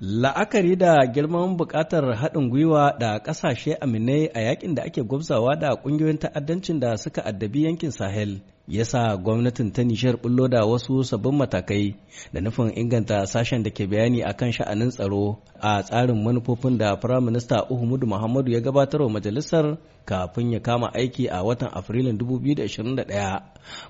La'akari da girman bukatar haɗin gwiwa da ƙasashe aminai a yakin da ake gwamzawa da ƙungiyoyin ta'addancin da suka addabi yankin Sahel ya sa gwamnatin ta nishar bullo da wasu sabbin matakai da nufin inganta sashen da ke bayani a kan sha'anin tsaro a tsarin manufofin da firayim minista uhumudu muhammadu ya gabatar wa majalisar kafin ya kama aiki a watan afrilun 2021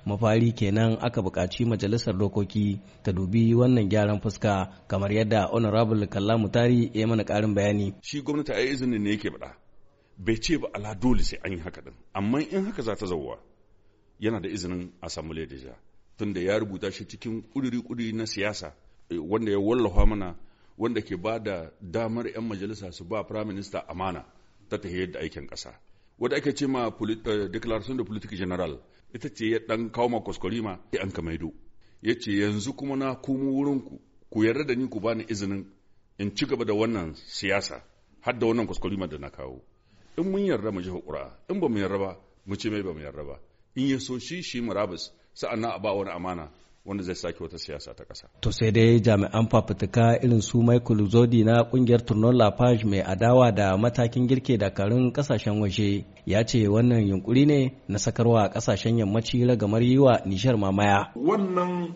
mafari kenan aka buƙaci majalisar dokoki ta dubi wannan gyaran fuska kamar yadda honorable kallamu tari ya mana ƙarin bayani shi gwamnati a izinin ne yake faɗa bai ce ba ala dole sai an yi haka din amma in haka za ta zauwa yana da izinin assembly deja tunda ya rubuta shi cikin kuduri-kuduri na siyasa eh, wanda ya wallafa mana wanda ke ba da damar 'yan majalisa su ba prime minister amana ta tahiyar da aikin kasa wadda ake ce ma eh, declaration da politique general ita ce ya dan kawo ma kwaskwarima ya an ka maido ya ce yanzu kuma na kuma wurin ku yarda da ni ku bani izinin in ci gaba da wannan siyasa har da wannan kwaskwarima da na kawo in mun yarda mu ji hukura in ba mu yarda ba mu ce mai ba mu yarda ba in ya so shi shi murabus sa'annan a ba wani amana wanda zai sake wata siyasa ta ƙasa. To sai dai jami'an fafutuka irin su Michael Zodi na kungiyar Turnon La Page mai adawa da matakin girke dakarun kasashen waje ya ce wannan yunkuri ne na sakarwa kasashen yammaci ragamar yi wa nishar mamaya. Wannan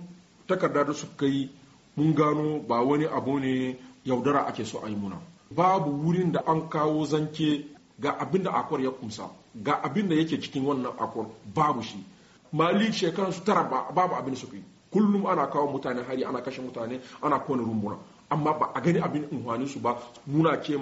takarda da suka yi mun gano ba wani abu ne yaudara ake so a yi muna. Babu wurin da an kawo zance ga abin da akwar ya kusa ga abin da yake cikin wannan akwar babu shi mali shekaran su tara babu abin su yi kullum ana kawo mutane hari ana kashe mutane ana kone rumbuna amma ba a gani abin unhwani su ba muna ce eh,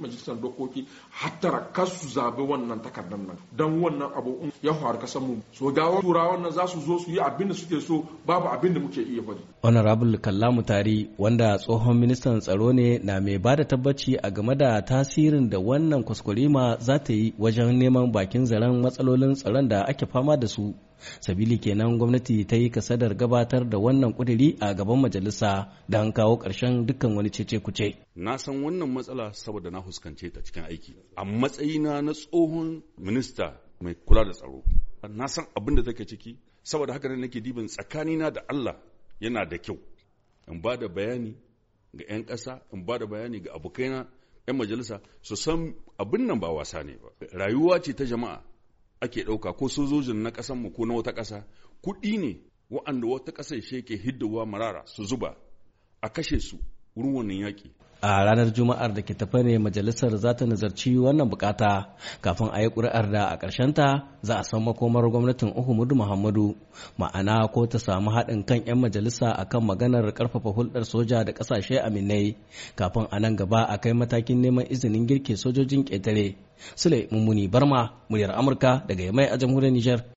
majalisar dokoki hattara kar su zabi wannan takardar nan don wannan abu ya faru kasan mu so ga turawan nan za su zo su yi abin da suke so babu abin da muke iya bari honorable kallamu tari wanda tsohon ministan tsaro ne na mai ba da tabbaci a game da tasirin da wannan kwaskwarima za ta yi wajen neman bakin zaren matsalolin tsaron da ake fama da su sabili kenan gwamnati ta yi kasadar gabatar da wannan kuduri a gaban majalisa don kawo ƙarshen dukkan wani cece kuce na san wannan matsala saboda na huskance ta cikin aiki a matsayina na tsohon minista mai kula da tsaro na san abin da take ciki saboda haka ne nake tsakani tsakanina da Allah yana da kyau in ba da bayani ga 'yan ƙasa in ba da bayani ga abokaina 'yan majalisa su san abin nan ba wasa ne ba rayuwa ce ta jama'a ake ɗauka ko sojojin na mu ko na wata ƙasa kuɗi ne wa'anda wata ƙasashe ke hiddawa marara su zuba a kashe su wurin wannan yaƙi a ranar juma'ar da ke tafa ne majalisar za ta nazarci wannan bukata kafin a yi ƙuri'ar da a ta za a san makomar gwamnatin uhumudu muhammadu ma'ana ko ta samu haɗin kan 'yan majalisa akan maganar ƙarfafa hulɗar soja da ƙasashe aminai kafin a nan gaba a kai matakin neman izinin girke sojojin ƙetare sule mummuni barma muryar amurka daga yamai a jamhuriyar nijar